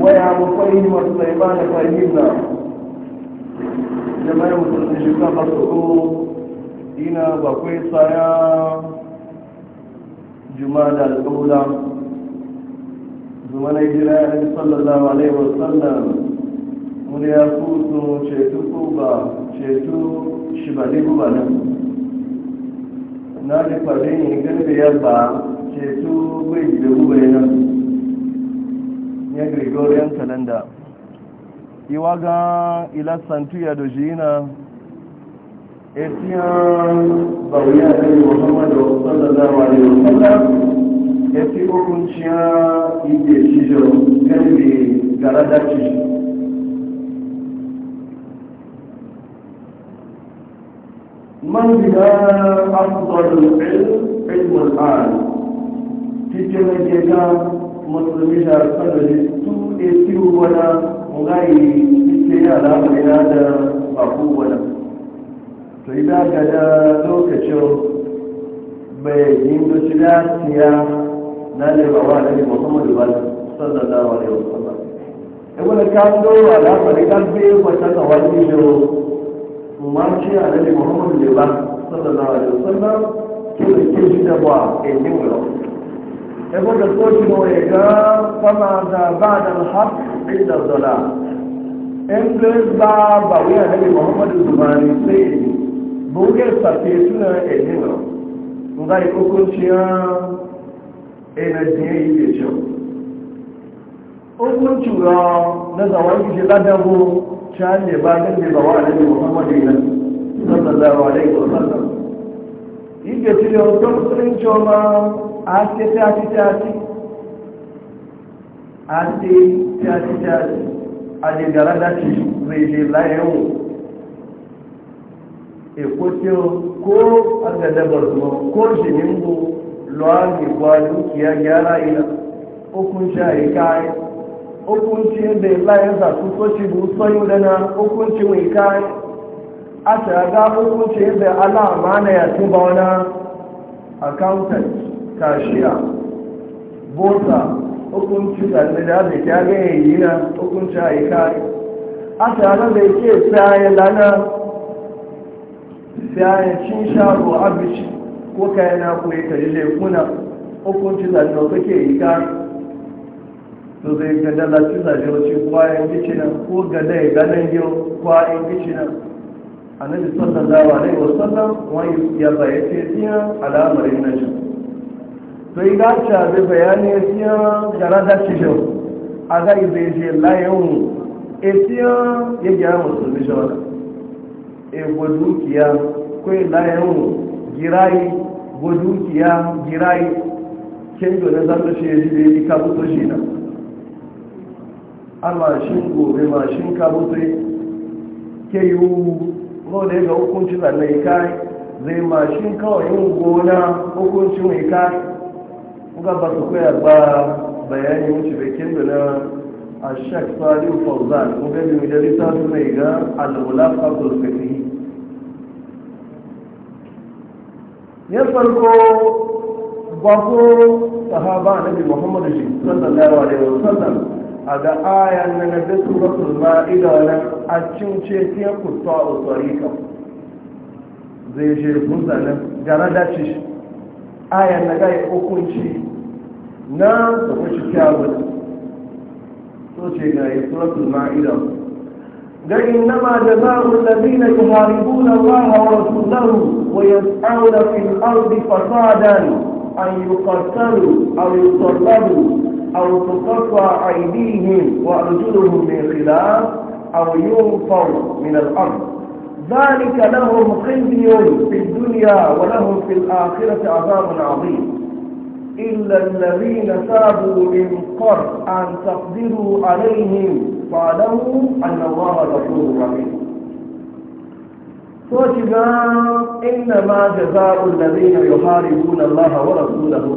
waya bakwai masu mai ba da fahimta da mai mutum shi ta fasa ko ina bakwai tsaya juma da alƙaula zuwa na gira ya yi sallallahu alaihi wasallam wani ya kusa ceto ko ba ceto shi ba ko ba nan na rikwarin ingin da ya ba ceto bai da gubai nan ya gregorian calendar iwa ga ila santuya da jina etiyan bauya da yi muhammadu sallallahu alaihi wasallam eti hukunciya ide shijo galibi gara da shijo من بها أفضل العلم علم الآن cikin كما musulmi da sadari su ne ciwo wani ngayi ike ya lamurina da baku wana to idan ga da lokacin mai hindu da shiga siya na lebawa na ne muhammadu ba sallallahu alaihi wasallam ibn kan dora da fari kan be wata da wani da umarci a nabi muhammadu ba sallallahu alaihi wasallam ke da ke shi da ba a yin wani ẹgbọ́n tó tó ti mọ ẹ̀gá fọ́nà àgbà bá àdàlù hà ní ìdàgbọ́lá ẹgbẹ́ bá bàwí àdébí mọ́hámọ́dé ọ̀dùnmá ní pé bó ké sàkè nga ìkókó ti hàn ẹ̀rẹ́ ti hàn ìdí ẹ̀jọ́ ọgbọ́n tó rọ ní ọ̀sán wọn ti ṣe dájábò tí a ń lè bá ẹgbẹ́ bàwí àdébí mọ́hámọ́dé yìí ìgbè tí lọ tó ń jọ máa àtẹ́tẹ́ àtẹ́tẹ́ àti àtẹ́tẹ́ àtẹ́tẹ́ àti àjẹgàrá láti rèlè láẹ̀wò èkó tí ó kó agbẹ̀dẹ̀bọ̀dùmọ̀ kó sì ní ń bo lọ àgbègbà dúkìá okun ṣe àyíká okun okun a shaga hukunce da alama na ya tuba wani accountant kashiya bota hukunci tsalle da da ta ga yi na hukunci a yi kari a shaga da ke tsaye lana tsaye cin shago abici ko kayan na kuma ya kaji zai kuna hukunci tsalle da ke yi kari to zai gada lati zaje wace kwayan gicinan ko gada ya ganin yau kwayan gicinan annabi sallallahu alaihi wasallam wani ya bayyace tiya al'amarin na shi to yi gacha da bayani ya tiya gara da shi shi a ga izai je layan e tiya ya gyara musulmi shi wani e gwadukiya kai layan girayi gwadukiya girayi kendo na zama shi ya ji da ya ji kabuto shi na a mashin gobe mashin kabuto ke yi gode ga hukunci zallai kai zai mashin kawai yin gona hukuncin mai kai kuka ba su koyar ba bayani wuce bakin da na a shek salihu fauzan kuka da mu jalisa su mai ga al'ulafa kulfiti ya farko ba ko sahaba nabi muhammadu shi sallallahu alaihi wasallam a ayan na na gasu ba su ma idanar a cince fiye kusa a tsarika zai je buzanin gara dace ayan na gaya hukunci na su kuci kyawun so ce ga yi suratul ma'ida ga yi jaza'u allazina yuharibuna allaha wa rasulahu wa da fil ardi fasadan an a yi yusallabu أو تقطع أيديهم وأرجلهم من خلاف أو ينفوا من الأرض ذلك لهم خزي في الدنيا ولهم في الآخرة عذاب عظيم إلا الذين تابوا من قرب أن تقدروا عليهم فاعلموا أن الله غفور رحيم سوچنا إنما جزاء الذين يحاربون الله ورسوله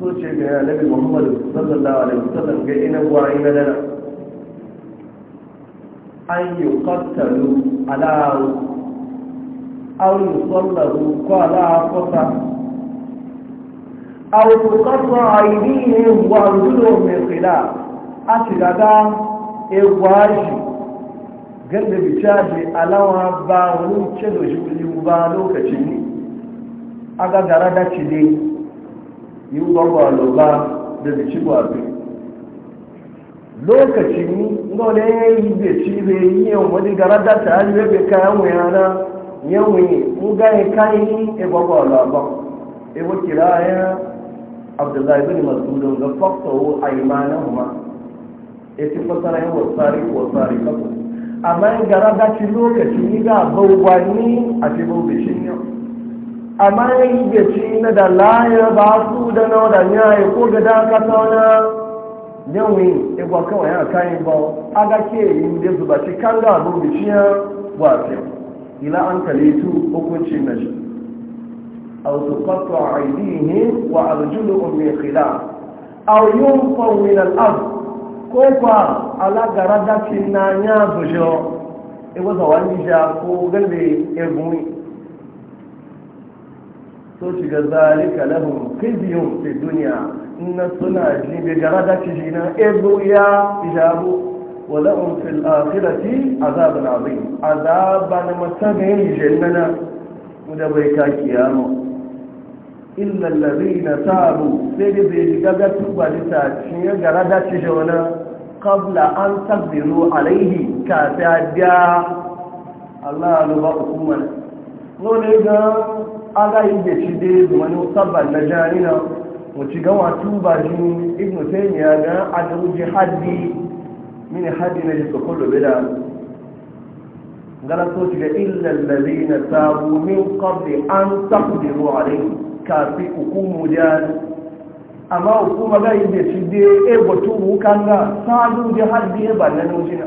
so ce ga annabi muhammad sallallahu alaihi wasallam ga ina gwa ina dana an yi qattalu ala aw yusallabu ko ala qata aw yi aydihim wa arjuluhum min a atigaga egwaji ganda bicaji alawa ba wani cedo shi ba lokacin ne aga gara da cile yi gwagwa lola da fi lokaci ni lokacin da ya yi da ci yi yau wani gara da ta hali bebe kayan wuyana yawon mu ya kayan ya e gwagwa lola ya wakila ya abdullahi bin masudun ga wo a mana ma ya e ti fasara yin wasari wasari kasu amma gara da ci lokaci ni ga ni a cikin bishin yau amma yi ga ci na da laya ba su da na da yayi ko ga da ka sauna yawon igwa kawai a kayan ba a ga ke yi da zuba ci kan ga abu bishiya wafe ila an kalitu hukuncin na shi a wasu kwato a aidihin wa arjulu umme khila a yun fawin al'ad ko kwa alagara da na ya bujo iwa e zawon nisha ko galbe egun so shiga zalika lahum khizyun fi dunya inna suna ji bi garada ci jina ebu ya ijabu wa lahum fil akhirati azabun azim azaban masabin jannana muda bai ka kiyama illa alladhina tabu sai da bai shiga ga tuba da ta ci garada ci jona qabla an tabdiru alaihi ka ta da Allah ya ba hukumar nole ga Ala yi ci dai da wani sabban na janina wacce gawa tuba jini ibn ya ga adauji haddi mini haddi na jisa kullu bida so ci ga illa allazina tabu min qabli an taqdiru alayhi fi hukumu jan amma hukuma ga yi ci dai e batu kanga sadu da haddi e ba na nujina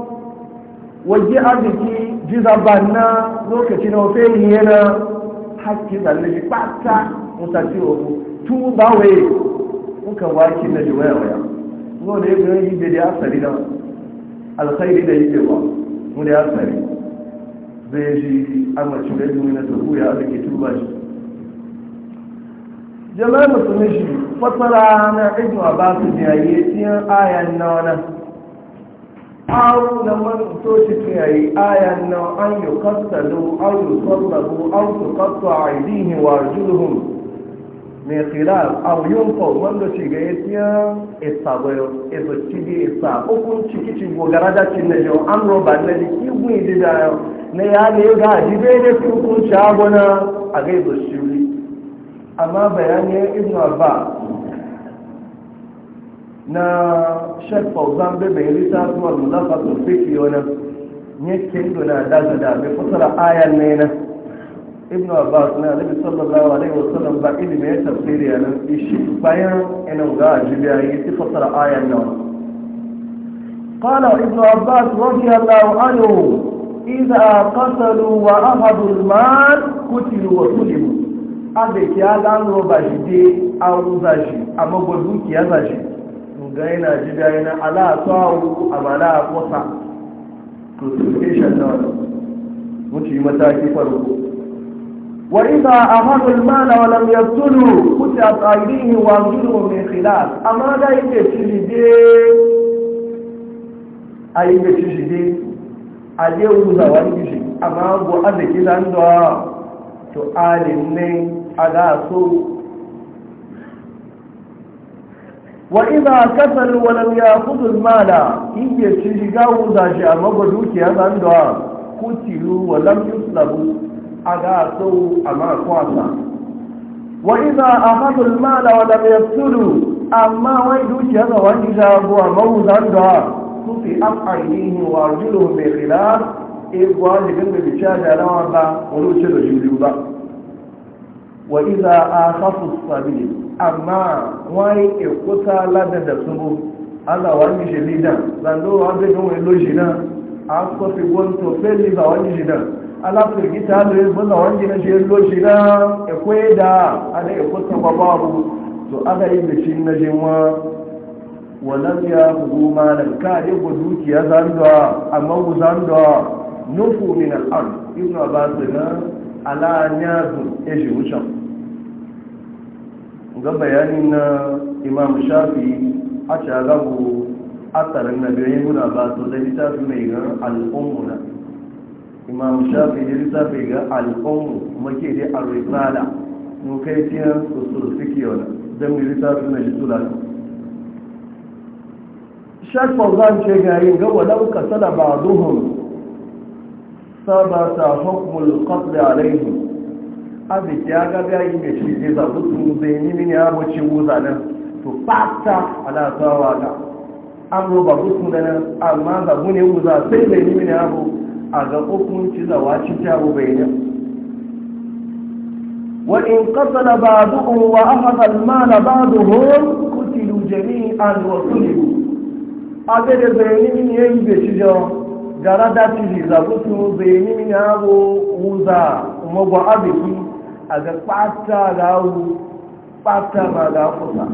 waje arziki jizaban na lokaci na ofeli yana haske tsalle fata ɓata mutaci ohu tun ba waye muka waki na ji waya waya no da yake yi da ya asali da alkhairi da yake ba mu da ya asali zai ji amurci da yi na tafi ya arziki ba shi jama'a musulmi shi fasara na ibnu abbas ne yayi tiyan ayan na wannan aw na man to shi ke yi ayan na an yi kasalu aw yi sallahu aw su kasu a aidihin wa julhun mai khilal aw yin fau da shi ga ya tiya bayo isa cibi isa ukun ciki ci gogara da ci na jau an roba na ji kigun idi da yau na ya ne ya gaji bai da kukun shagona a gaibu shi amma bayanin ibn abbas na shek fauzan bebe ya lita zuwa mulafa sulfiki wani yake ido na daga da bai fasara ayan ne na ibn abbas na alibi sallallahu alaihi wasallam ba ilimi ya tafsiri a nan ishi bayan ina ga ajibiya yi ti fasara ayan nan قال ابن عباس رضي الله عنه إذا قتلوا وأخذوا المال قتلوا وسلموا أبي كي أدان رباجي دي أو زاجي أما بلوكي أزاجي gai na ji dai na ala sawu amala kosa to suke na wannan wuce yi mataki farko wa idha ahadu al-mala wa lam yabtulu kutiya qaydihi wa zulmu min khilaf amma da yake shiride ayi ke shiride aje uza wa yake shi amma go azaki dan da to alim ne aga so wa'iza kasar wani ya kudu mala in ke ci shiga wuza shi a magwadu ke hannun da kutilu wa lamfin sulabu a ga sau a makwasa wa'iza a hannun mala wa lamfin sulu amma wani duki hannun wani jago a mawuza da su fi afayi wa rilo mai rila ebuwa ne gangar da ciyar da yanawa ba wani ce da juriyu ba wa iza akhafu sabil amma wai e kota lada da subu Allah wa mi jelida zando wa be gon lo jina a ko fi gon to feli ba wa jina ala fi gita lo bo za wa jina je lo jina e da ala e baba bu to ala yi be shin na jinwa walam ya hu malan ka je go dukiya zando amma go zando nufu min al-ard ibn abbas na ala nyazu e wucin ga bayanin na imam shafi a shagabu asarin na biyu muna ba su da littafi mai ga al'ummuna imam shafi da littafi ga al'ummu make da al-risala mun kai tiyan usul fiqh wala dan littafi na lisula shak fawzan ce ga yin ga walau kasala duhun sabata hukmul qatl alaihim abin ya ga yi mai shi ke zaɓi su zai yi mini ya mace wuza nan to fata ana tsawa ga an roba gusu da nan amma zaɓu ne wuza sai bai yi mini abu a ga hukunci zawa ci ta abu bai nan wa in qatala ba'duhum wa akhadha al-mala ba'duhum qutilu jami'an wa sulibu abin da zai ni mini yayi bai ci jawa gara da ci zaɓu su zai ni mini abu wuza magwa abiki a ga ɓata rawu ɓata ma ga kusa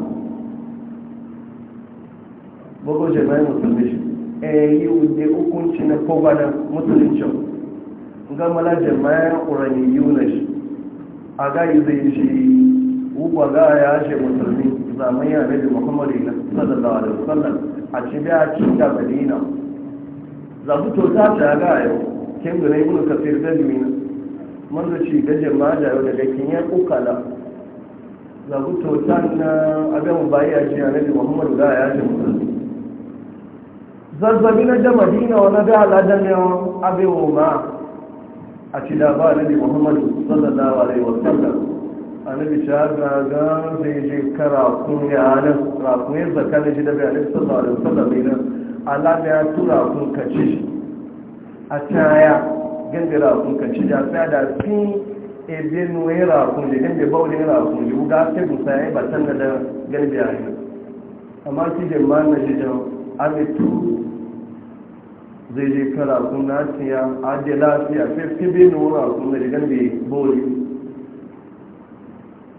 bugu jami'ai musulmi shi yi wuce hukunci na kogana musuluncin gamala jami'ai ƙurani yuna shi a gayi zai shi ugwa ga ya ce musulmi zamani a nabi muhammadu na sallallahu alaihi wasallam a a cikin da madina zafi to ta ta ga yau na yi ibn kafir da mina manzo ci da yau da daga kin ya kokala na buto tan na abin bayi a na annabi Muhammadu da ya ce zazzabi na da Madina wa da aladan ne abin ma a ci da ba annabi sallar a alaihi wasallam annabi na ga da ya je kara kun ya hana ra ya zaka zakka shi da bayanin sallar da sallar wasallam ne ya tura kun kace a taya gẹ́gẹ́ ràkún kan ṣe jà fẹ́dà sí ebe nù ẹ́ da lè gẹ́gẹ́ bá olè ràkún wúgá tẹ́gùn sa ẹ́ bàtán da da gẹ́gẹ́ àyè amma ti jẹ ma na ṣe amitu zai je kan ràkún na tiya fẹ́ fi nù ràkún lè gẹ́gẹ́ bóòlì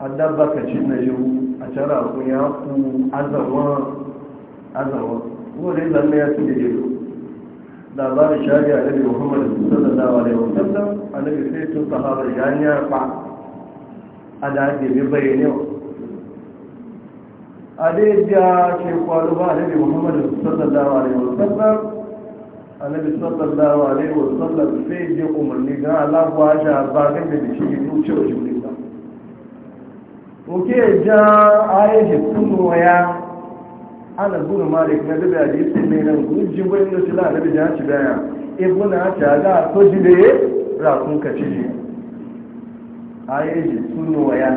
adaba ka ci na yiwu a can ya ku azawa azawa da labarin shari'a annabi muhammad sallallahu alaihi wasallam annabi sai tun sahaba janiya fa ada ke bi bayane ade ja ke kwalu ba annabi muhammad sallallahu alaihi wasallam annabi sallallahu alaihi wasallam sai je umarni ga Allah ba ja ba ga da shi ne ce wa shi ne ba oke ja ayi tunoya ana gunu malik na dabi hadisi mai nan gujin bai da sila da jaci baya ibuna ta ga to jide ra kun ka ci ayeji sunu waya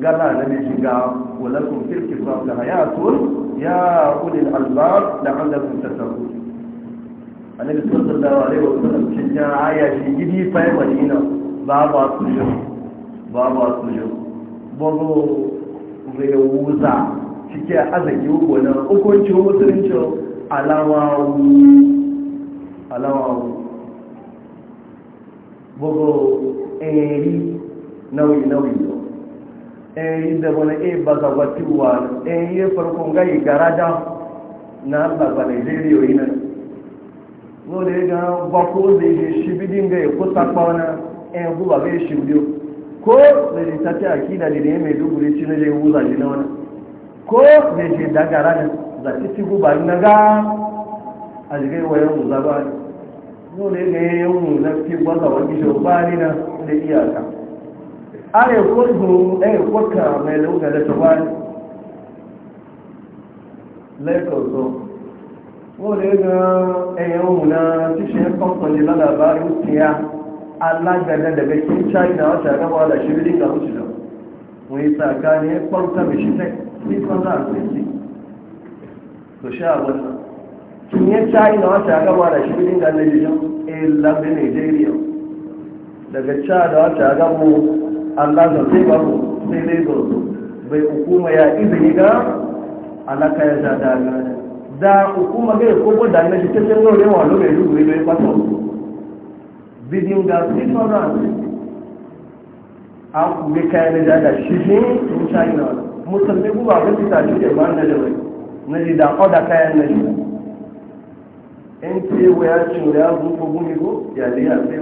ngala na ne shiga walakum fil kisab la hayatun ya ulil albab la'allakum tattaqun annabi dawa ne wa sallam cin ya aya shi gidi fa madina babu asujo babu asujo babu zai wuza cike a azaki na hukuncin musulunci alawawu gbogbo eri nauyi nauyi eri da wani e bazawatiwa eri farkon gai garada na alaba nigeria yi nan lórí ga bako zai yi shibidin ga ya kusa kwana yan guba bai shibidiyo ko da ta aki da ne mai duburi ci na zai wuza na wani ko da ke dagara da zaɓi ci guba na ga a jigai wayan mu zaba ne no ne ne yan mu na fi gwada wani ni na da iyaka a yi kwanzu a yi eh, kwaka mai lauka da ta shugabani laikon so ne ga mu ẹ̀yàn òun náà tí ṣe ń kọ́kàn lè lálàbárí ó ti ya alágbẹ̀dẹ̀dẹ̀bẹ̀ kí china ọ̀ṣà rẹwà àdàṣírí nígbà òṣìṣẹ́ tsakani ya kwanta mai shi ṣiṣẹ́ nípa ca za ku a to sha wannan kin ya china wata gama da shi din ganin jijin eh lambe nigeria daga chad wata gama Allah zai ba mu sai dai zo hukuma ya izini ga alaka ya da da hukuma ga ko da na shi ta san gore wa lobe lu ne bai fato ga sifara ku kai shi musulmi kuma abin da tashi ke ban da jawai na ji da kwada kayan na jina in ce wa ya ce ya zuwa gumi ko ya da ya tsaye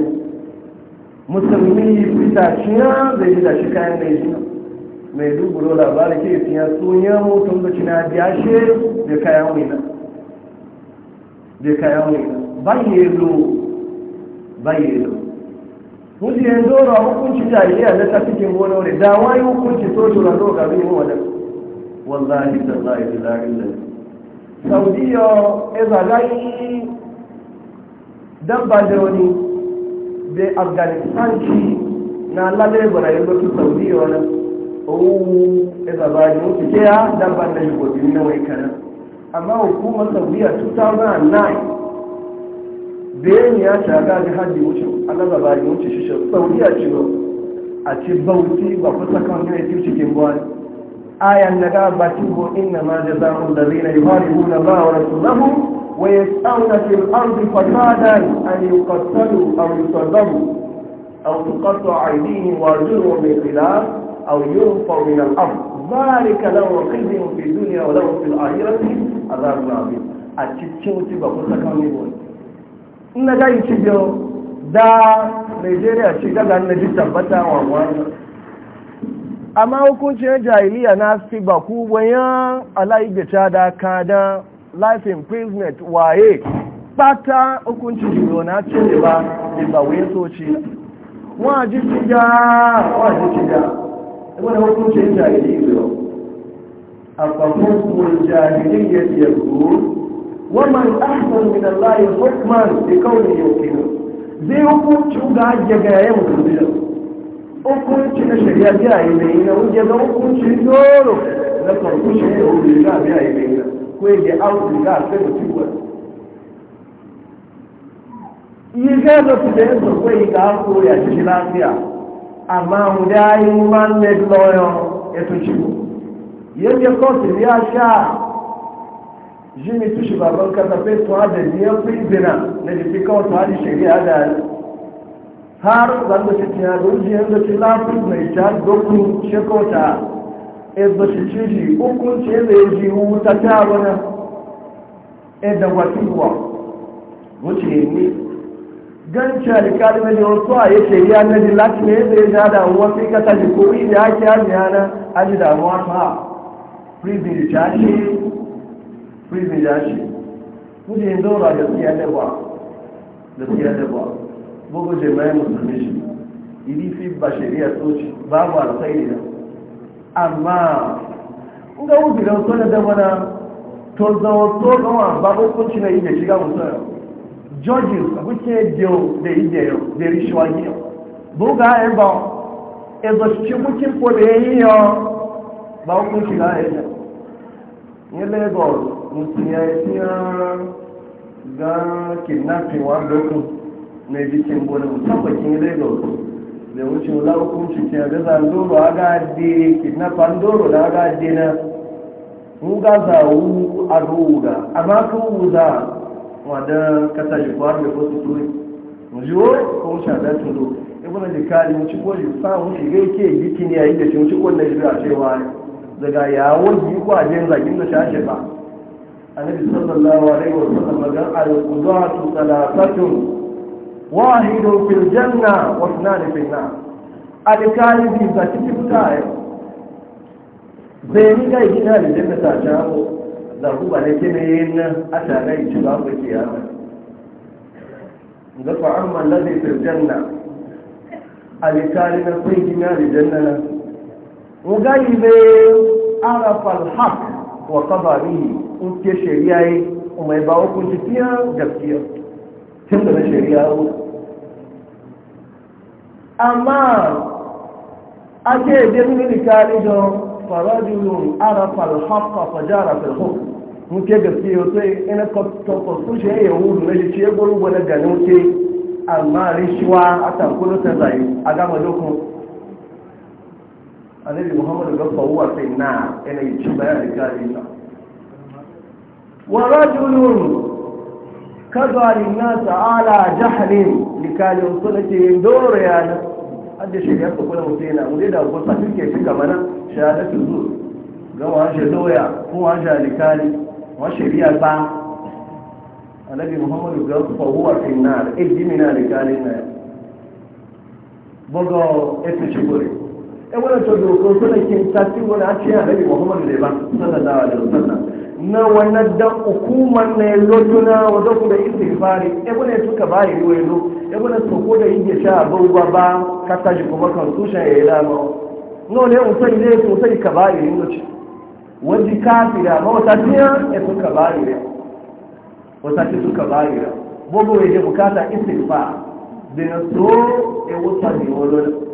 musulmi fita ciya zai ji da shi kayan na jina mai duburo labari ke fiya tsoya mutum da cina ya she da kayan wina da kayan wina bayyelo bayyelo mutu ya zoro a hukunci jahiliya na ta cikin gona wani da wani hukunci sojo na zo gari mu wadda wallahi da zai fi zarin da saudiya ya yi dan ba da wani da afghanistan ci na lalai bara ya zoci saudiya wani owu ya yi mutu ke ya dan ba da yi gobe na kanan amma hukumar saudiya 2009 bayan ya shaga da hajji wuce allah labari wuce shi sauri a ciro a ci bauti ba kusa kan ya yi cikin buwani ayan na ga ba ci ko inna ma da da zina. yi ba wa rasulahu wa ya tsauna fil arzi fasadan an yi kasalu a yusazamu a tukasa a ainihin wa zuru mai khilaf أو ينفر من الأرض ذلك لهم خزي في الدنيا ولهم في الآخرة عذاب عظيم أتشتشوتي بقول لك أمي na ga yi cijo da nigeria ce gaga na ji tabbata wa wani amma hukuncin jahiliya na fi ba ku bayan alaigata da kada life imprisonment waye pata hukuncin jiro na ce ba ba wuye soci wa ji ciga wa ji ciga wani hukuncin jahiliya a kwakwakwun jahiliya ya kuru ومن أحسن من الله حكما بكونه يوكله zai hukunci ga yaga yayin mutum hukunci na shari'a biya yi mai na wuce ga hukunci doro na farko shi ne wuce ga biya yi mai na ko yake an riga a sai mutum wani yi ga da ga ko ya ci shi lafiya amma mu da ne lawyer ya tuci yadda kotu ya sha jimi tu shugaban kasa fai tuwa da niyan firzina na jiki kawai su hada shari'a da har zanda shi tiya ruji yanzu shi lafi mai ta doku shekota ezba shi ciji ukun ce da ya ji wuta ta wani edan kuwa wuce ne ganca da kalmar da wasu a ya shari'a na ji lati ne da ya ja da wasu kasa jikowi da ake hajjiya aji damuwa ta prison ta prison ya ce kuje zaura da siya da ba da iri fi babu babu shiga da da ní lagos mo ti yẹ tí wọ́n gan kidnapping wa lókun na ibi tí n bọ̀ ní mùsàpàkì ní lagos da wuce wula hukunci ke a ga de kidnapper ga na mu ga za wu a ruga amma ko wuza wada kasa ji kwar da ko su mu ji wai ko sha da tudo ibn da kali mu ci ko ji sa mu shi ga yake yiki ne yayin da daga yawon yi kwajen zagin da shashe ba annabi sallallahu alaihi wa sallam magan al-qudatu thalathatun wahidun wasu na wa thnan fil nar alkali bi zaki fita a yau. zai ni ga na da janna ta shawo da ku ba ne kine yin asarai ci ba ku kiyama ga fa amma alladhi fil janna alkali na sai ina da janna ugaibe arafal haq wa qadarihi in ke yi mai ba hukunci tiya gaskiya tun da shari'a amma ake jirgin likali don farajulun arafal haq fa jara fil hukm muke gaskiya sai ina kwatkwatkwat su shi ya wuru na shi ce gurgu na ganin ke amma rishiwa a tankunan ta zai a gama dokun annabi muhammadu ga fawuwa sai na ina yi ci bayan da jari na wa rajulun kaza linnasa ala jahlin likalin suna ke dora yana adda shirya ta kula mutum yana wuri da kusa suke shi gama mana shahadatu zuwa ga washe doya ko washe likali washe biya ba annabi muhammadu ga fawuwa sai na da ejimina likalin na bugo ita shi ɗan eh, wani to doko suna kin tafi wani a ce annabi muhammadu ne ba sallallahu alaihi wasallam na wannan dan hukumar eh, ne lotuna kuma istighfari e e to ko da yake sha abubuwa ba ka tashi kuma kan tushen ya yi dama no ne usai ne sosai ka bayi ruwayo wanda kafira ma wata tiya e suka bayi wata ce suka bayi bobo ya bukata istighfar da na so e wuta ne wani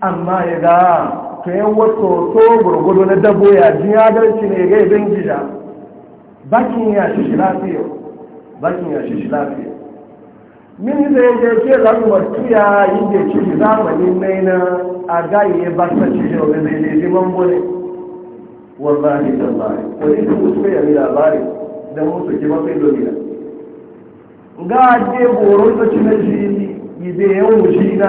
amma ya ga to yan wato to gurgudu na dabo ya ji adalci ne ga ibin gida bakin ya shi lafiya bakin ya shi lafiya min zai je ke lamar tuya yi da ci zamanin nai na a gaye ba ta ci da wani zai je ji mambo ne wallahi tallahi ko ne su su ya labari da musu ki ba sai domina ga je boron ta ci na ji yi da yawon shi na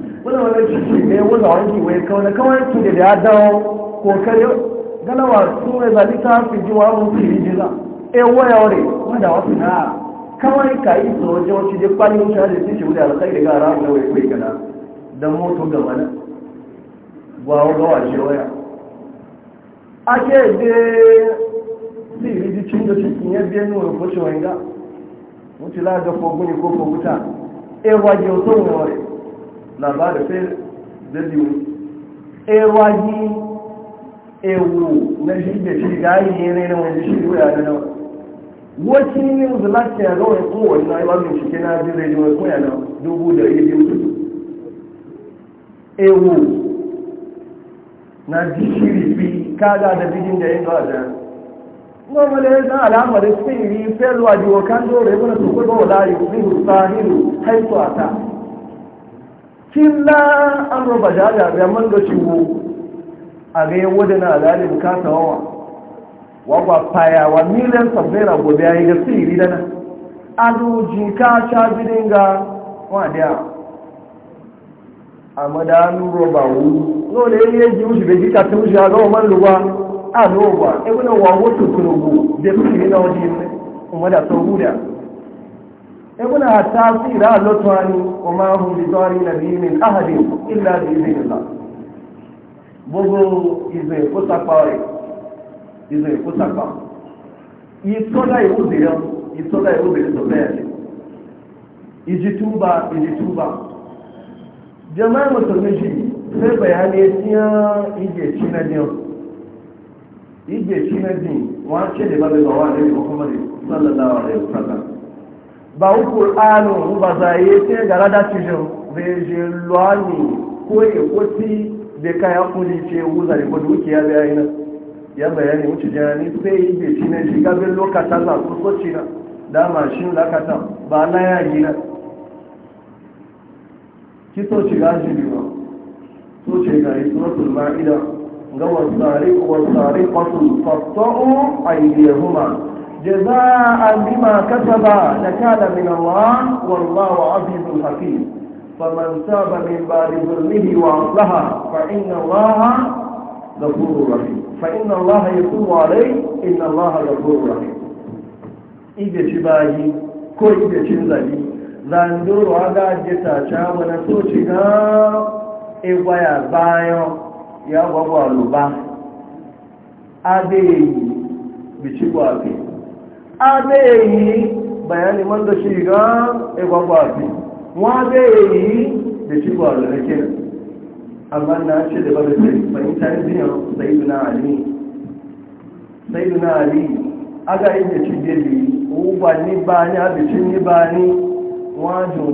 wani wani ciki ne wani wani wai kawai kawai ki da ya dawo kare galawa su ne zaɓi ta hafi ji wa mun fi hijira e waya wani wanda wasu na kawai ka yi su wajen wacce je kwani wuce da su shi wuda alƙai daga gara na wai kwai gana don moto ga wani ba wa gawa shi waya ake de si hiji cin da cikin ya ya nuna ko shi ga la ga fogu ne ko buta. e wajen sun wani labari sai da biyu ewaji ewu na shi da shi gayi yi ne na wani shi wuya da nan yi ne mu zalata ya zawai kowane na ba min shike na zai zai wani koya na dubu da yi biyu ewu na ji shiri bi kaga da bijin da yin gawa da goma da yanzu al'amarin sirri felwa jiwo kan dore wani su kuma wala yi zuhu sahiru haifuwa ta killa an roba jaja ya man ga ciwo a ga yawo da na alali bukata wawa wagwa faya wa miliyan sabbaira gobe ya yi da siri da nan ado jinka sha bidin ga wadiya a madanu roba wu no da yayi yaji wuce bai jika tun e shi ga man luwa a roba e wannan wawo tukuru da siri na waje ne kuma da sauru da ibn atasi ra lotwani wa ma hum bi dari nabi min ahadi illa bi idhnillah gbogbo ize ko sapa re ize ko sapa itola iwude yo itola iwude to bẹ́ẹ̀ ijituba ijituba jama'a musulmi shi sai bayani tiyan ije cinadin ije cinadin wa ce da babu bawa da muhammadu sallallahu alaihi wasallam ba wu ƙur'anu ba zaye sai gara da cijin reje luwani ko ya kwasi da kayan kuli ce wuza da kudu wuki ya bayani na ya bayani wuce jani sai yi da shi ne shiga bin lokacin na kusurci na da mashin lakata ba na yayi na kito shiga shi biyu so ce ga suratul ma'ida ga wasari wasari fasul fatta'u aydiyahuma jaza an bima kasa ba na kada min Allah wallahu azizul hakim faman saba min ba da zulmihi wa aslaha fa inna Allah da furu fa inna Allah ya furu alai inna Allah da furu rafi ibe ci bayi ko ibe cin zabi zando ruwa ga jita ca wani so ci ga igwaya bayan ya gwagwa ruba a bai bici gwagwa adayi bayani man da shiga egwagwafi wadayi da shi ba da nake amma na ce da ba da sai yin biyan sayyiduna ali na ali aga yin da shi gili uba ni ba ni abicin wajen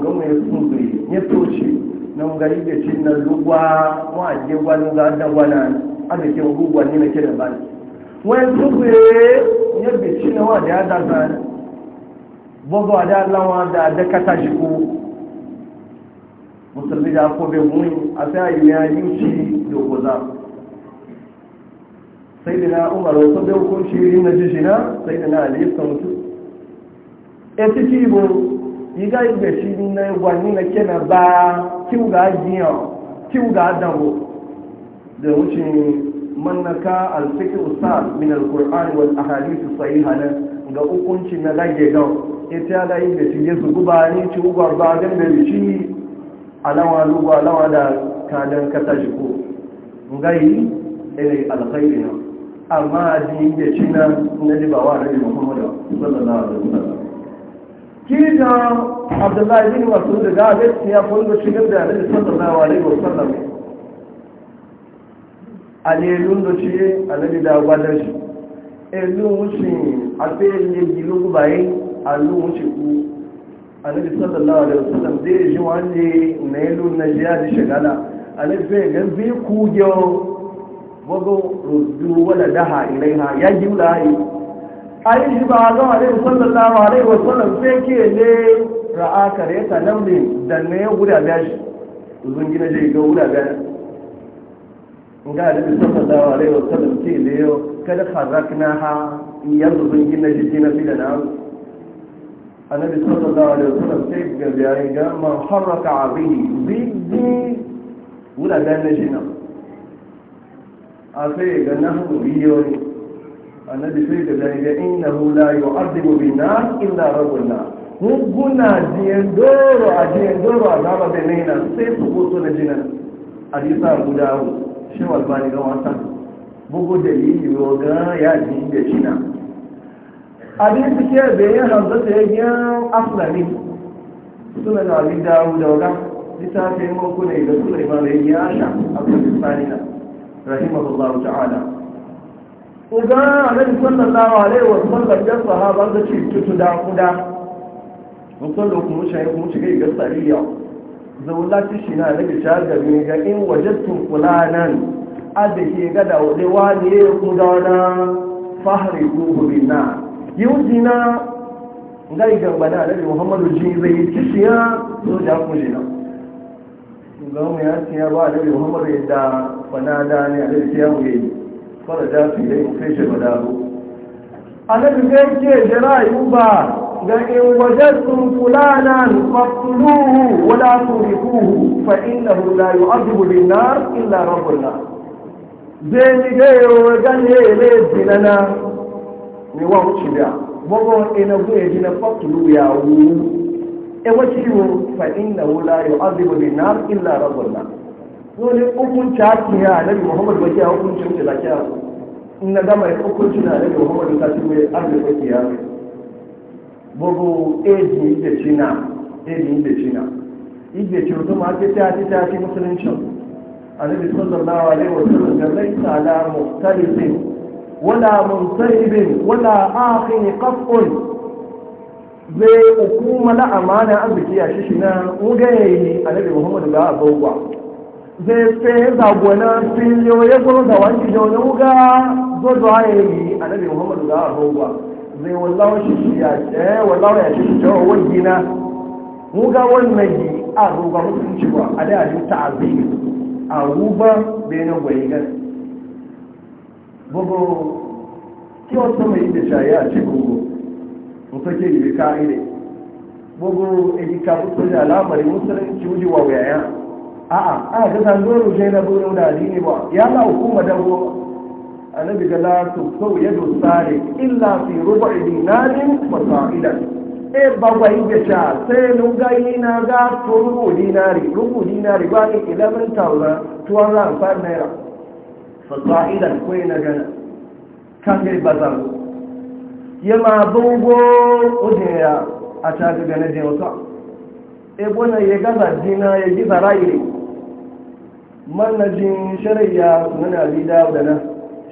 ya da a dagwana abicin wọ́n tún pé yẹ́ bèṣí náà wà ní àdàgbà bọ́gọ́ àdá láwọn àdá àdẹ́kátà ṣìkú musulmi da kobe mun a sai ya yi shi da kuza sai da na umar wasu bai hukunci yi na jishina sai da na aliyar mutu e ti ci yi ga ibe shi na gwani na kena ba kiwu ga ajiyan kiwu ga adanwo da wucin man na ka alfiƙi ustaz min alƙur'ani wal ahadisu sayi hannun ga hukunci na lage gan ita ya da yin da shi yesu guba ni ci guba ba gan da shi alawa lugu alawa da kadan kasa shi ko ngai ilai alkhairi na amma din ya shi na na libawa na bi muhammadu sallallahu alaihi wasallam ki da abdullahi bin mas'ud da ga gaskiya kun da shigar da annabi sallallahu alaihi wasallam alelun da ce alabi da gwadar shi elun wucin afirin yin gilu bayan alun wuce ku alabi sallallahu alaihi wasallam zai ji wani na elun na jiya da shagala alabi zai ga zai kuge wago rudu wala daha ilaiha ya gimla yi shi ba ga alaihi ne ra'a kare ta nan shi قال النبي صلى الله عليه وسلم كيلي قد خرقناها يرضى جنة جدنا في الأنام النبي صلى الله عليه وسلم كيف قال بيعي قال من حرك عبيه بيدي ولا دان جنة أخي قال نحن بيوري النبي صلى الله عليه وسلم إنه لا يعذب بالنار إلا رب النار وقلنا جين دورو جين دورو عذاب بنينا سيف قوتنا جنة أليس أبو داود shi walbani ga wasan bugu da dalili roga ya ji da shina abin suke bayan hamzata ya gyan aslami suna da abin dawo da waga littafin mako ne da suna imam da ya sha a kudin sanina rahimahullah ta'ala uga alaihi sallallahu alaihi wa sallam ya sahaba da ci tutu da kuda mun sallo kuma shayi kuma shiga ga tsariya zaulaci shi na rage shahar da mai ga in wajattun fulanan adda ke ga da wani ne ya kuda wani fahari kuhurin na yau na ngai gamba na nabi muhammadu ji zai yi kishiya soja na gamu ya ci ya ba nabi muhammadu ya da fana da ne a nabi ya wuye fara da su yi mafi shi ba da a nabi ga yake jira yi ba لئن وجدتم فلانا فاقتلوه ولا تهلكوه فإنه لا يعذب بالنار إلا رب النار zeni gayo wajen lele zinana ne wa wuce biya gbogbo ina guye jina faktulu ya wu e wace yi fa inna wula yi bi na illa rabbullah wani hukunci hakin ya muhammadu wajen hukuncin da lafiya in na gama hukuncin na nabi muhammadu ta ce mai arziki ya mai gbogbo eji ije na eji ije na ije ce ma ce ta ce ta ce musuluncin annabi sallallahu alaihi wa sallam da ala muhtalifin wala muntaribin wala akhin qaf'un zai hukuma na amana arziki a shi na ugaye annabi muhammad da abubuwa zai fe zagona filiyo ya zo da wani jaunin uga zo zuwa ya yi annabi muhammad da abubuwa zai wallawa shi ya ce wallawa ya ce shi jawo oh, wani na mu ga wannan yi a ruba mutunci ba a da yi ta'azimi a ruba bai na gwai gan bugu ki sama yi da shayi a ce gugu mutu ke yi ka ne bugu eji ka su da alamari musulunci wuji wa wuyayen a'a a ga zandoro shi na burin da ne ba ya la hukuma da goma annabi ga la ya do sare illa fi rubu'i dinarin wa sa'ida e yi inda sha sai yi na ga to rubu dinari rubu dinari ba ni 11,000 an ran fa naira fa sa'ida ko yana gana kan gai bazar yama bugo ya? a ta ga ne de wata e bona ga gaza dina ya ji zarayi man na jin shari'a na nabi da nan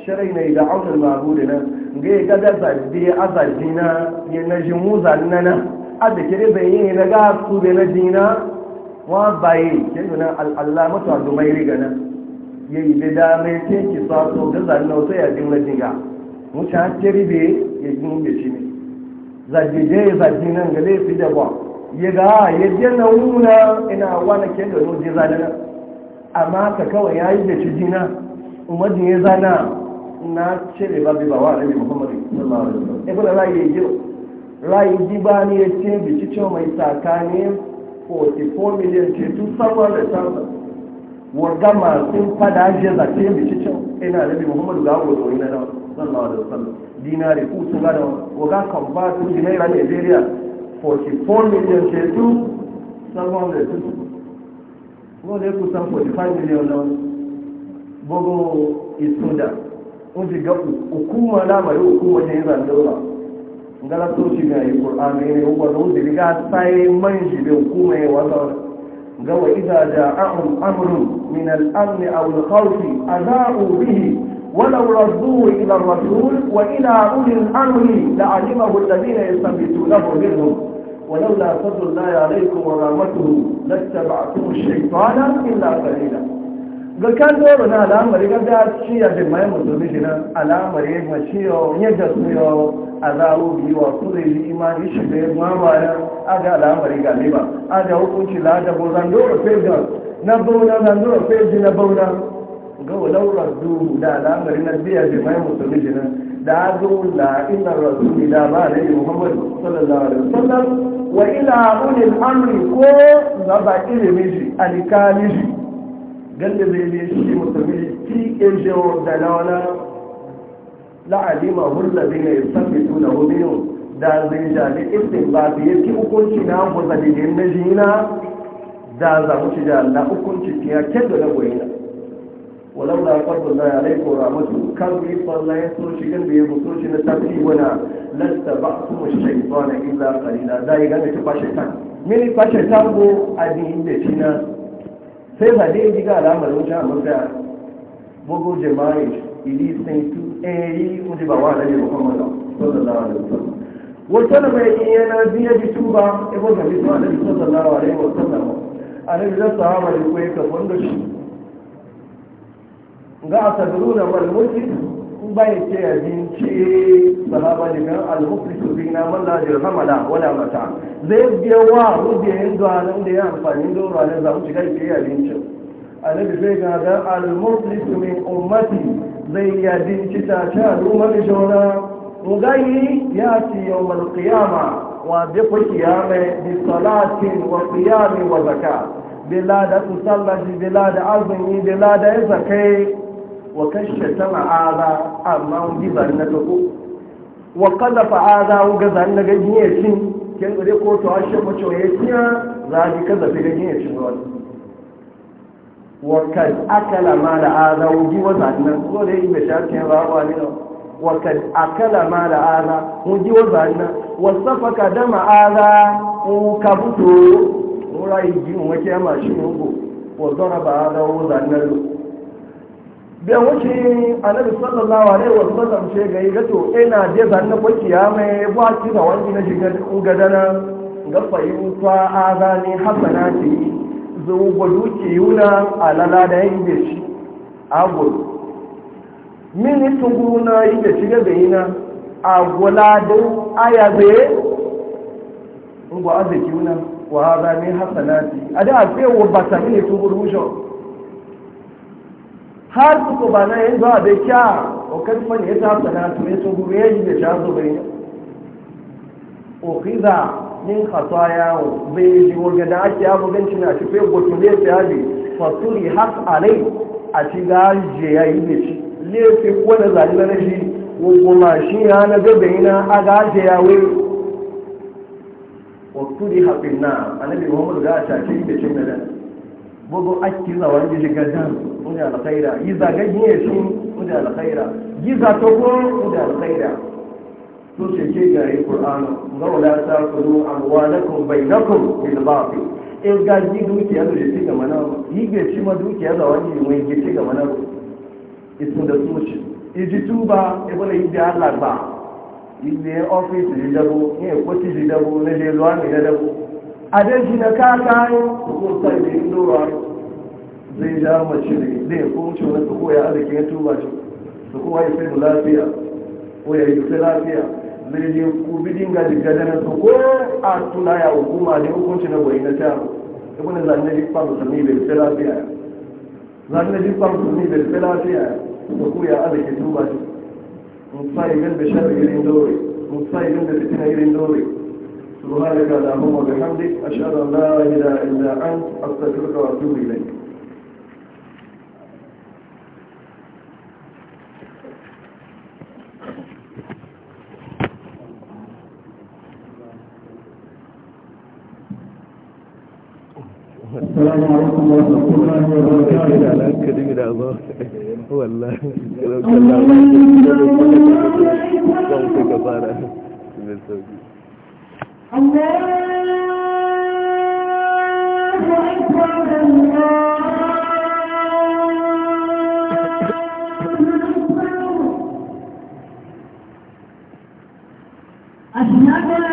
shirai mai da aunar mabu da nan ga ya gada zaɗe a zaɗe na ya na ji muza na nan a da kere zai yi na ga su bai na ji na wa bayi ke yi nan al'allah mutu a zumai riga nan ya yi da ya ce ki sa so ga zaɗe na sai ya ji na jiga mutu a kere bai ya ji mu shi ne zaɗe je ya zaɗe nan ga laifi da ba ya ga ya je na wuna ina wani ke da zo je zaɗe na amma ka kawai ya yi da shi jina umar ya zana na cire ba bi ba wa annabi Muhammad sallallahu alaihi wasallam yo? rayi yiro ya ce bi ci cewa ni 44 million ce tu sabar masu fada je za ce bi ci cewa ina ga go to ina sallallahu alaihi wasallam dinari ku sun ga da kan ba 44 million ce tu sabar da tu 45 million na isuda oji ga hukuma na mai hukuma ne zan daura ngala to shi ga alqur'ani ne uba da oji ga sai man shi da hukuma wata e, wasa ga wa idza ja'ahum amrun min al-amn aw al a adha'u bihi ولو ردوه إلى الرسول وإلى da الأمر لعلمه الذين يستنبتونه منهم ولولا فضل الله عليكم ورحمته لاتبعتم الشيطان إلا قليلا ga kan doro na al'amari ga da ci ya je mai mun domin shi nan al'amari ma ci yo ne da su yo azabu bi wa su da yi imani shi da ma ba ya aga al'amari ga ne a aga hukunci la da bo zan doro fe da na bo na zan doro fe ji na bo na ga walau raddu da al'amari na biya je mai mun domin shi nan da zo la inna rasuli da ba ne muhammad sallallahu alaihi wasallam wa ila ulil amri ko zaba ilimi shi alikali shi ganda zai ne shi musulmi ki ƙirshe da na wani la'adima hulɗa zai ne sabbi tuna hominu da zai da istin ba fiye ki hukunci na musa da jin na jina da za mu ci da na hukunci fiye kyau da goyi na walau da kwallo na ya laiko ramatu kan yi falla ya so shi kan da ya mutu shi na tafi wana lasta ba su mu shaitana illa qalila da ya gane ta fashe ta mini fashe a adin da shi na sai ba dai diga alamar wuta mun da bugu jama'i ili sai tu eh mun ba wa da Muhammad sallallahu alaihi wasallam wata da mai biya bi tuba e ba ga bi sallallahu alaihi wasallam annabi da sahaba da koyi ka wanda shi ga asadruna wal mutis bai ce abinci sahaba ne kan al-muflisu na man la dirhamala wala mata zai biya wa rubiyin duwanan da ya amfani da ruwanan za mu shiga ce A annabi sai ga ga al-muflisu min ummati zai ya ce ta ta al'umma da jona ugayi ya ci yawmal qiyama wa bi qiyama bi salatin wa qiyami wa zakat bila da sallah bila da azumi bila da zakai wa kashe sama aza amma ji zan na tako wa kada fa aza wu ga zan na ga jiya cin kin gure ko to ashe mu cewa ya tiya za ji kaza fi ga jiya cin wani wa kad akala ma da aza wu ji wa zan na ko da yi bashakin rawa ne wa kad akala ma da aza wu ji wa zan na wa safaka dama aza wu ka fito Wura rai ji mu wake ma shi mu ko wa zaraba aza wu zan na biyan wuce annabi sallallahu alaihi wa sallam ce ga yi gato ina je zan na kwaki ya mai buwa ki da wani na shiga gadana ga fayu fa azani hasana ce zo yi ki a alala da yi da shi A gudu mini tugu na yi da shiga da a gula da aya zai ngwa azaki yuna wa azani hasana ce a da a tsewo ba ta mini tugu har su ko ba na yin zuwa bai kya o kan man ya ta sana to ya so gure ya ji da sha zo bai o khiza min yawo bai yi ji wurga da ake abu ganci na shi fego to ne ta yaji fasuri has alai a ci ga je ya yi ne shi lefi ko da zalila na shi ko shi ya na gabe na a ga je ya wai o turi hafin na annabi muhammadu ga a ce da cin da nan. gbogbo aki za wani shiga jan wani alkhaira yi zagagi ya shi wani alkhaira yi za ta kuma wani alkhaira to ce ke gari qur'anu ga wala ta na kun bainakum ba fi in ga ji dukiya da ci ga mana yi ga ci ma dukiya za wani mai ga ga mana Isu e da su ci iji e tuba ibn e ibn yi ne office ji dabo ne ko ti ji dabo ne le lo ne abin shi na kakayin sosai da yin dora zai ja mace ne zai ya kuma cewa su koya arziki ya tuba shi su kuma ya lafiya ko ya yi fi lafiya zai je kubi dinga da na su ko a tuna ya hukuma ne hukunci na gwai na ta ibn zanne ji fa musulmi bai fi lafiya zanne ji fa musulmi bai fi lafiya su koya arziki tuba shi musa ibn shafi irin dore musa ibn da fitina irin dore سبحانك اللهم وبحمدك أشهد أن لا إله إلا أنت أستغفرك وأتوب إليك السلام عليكم ورحمة الله وبركاته. لا لا والله أشهد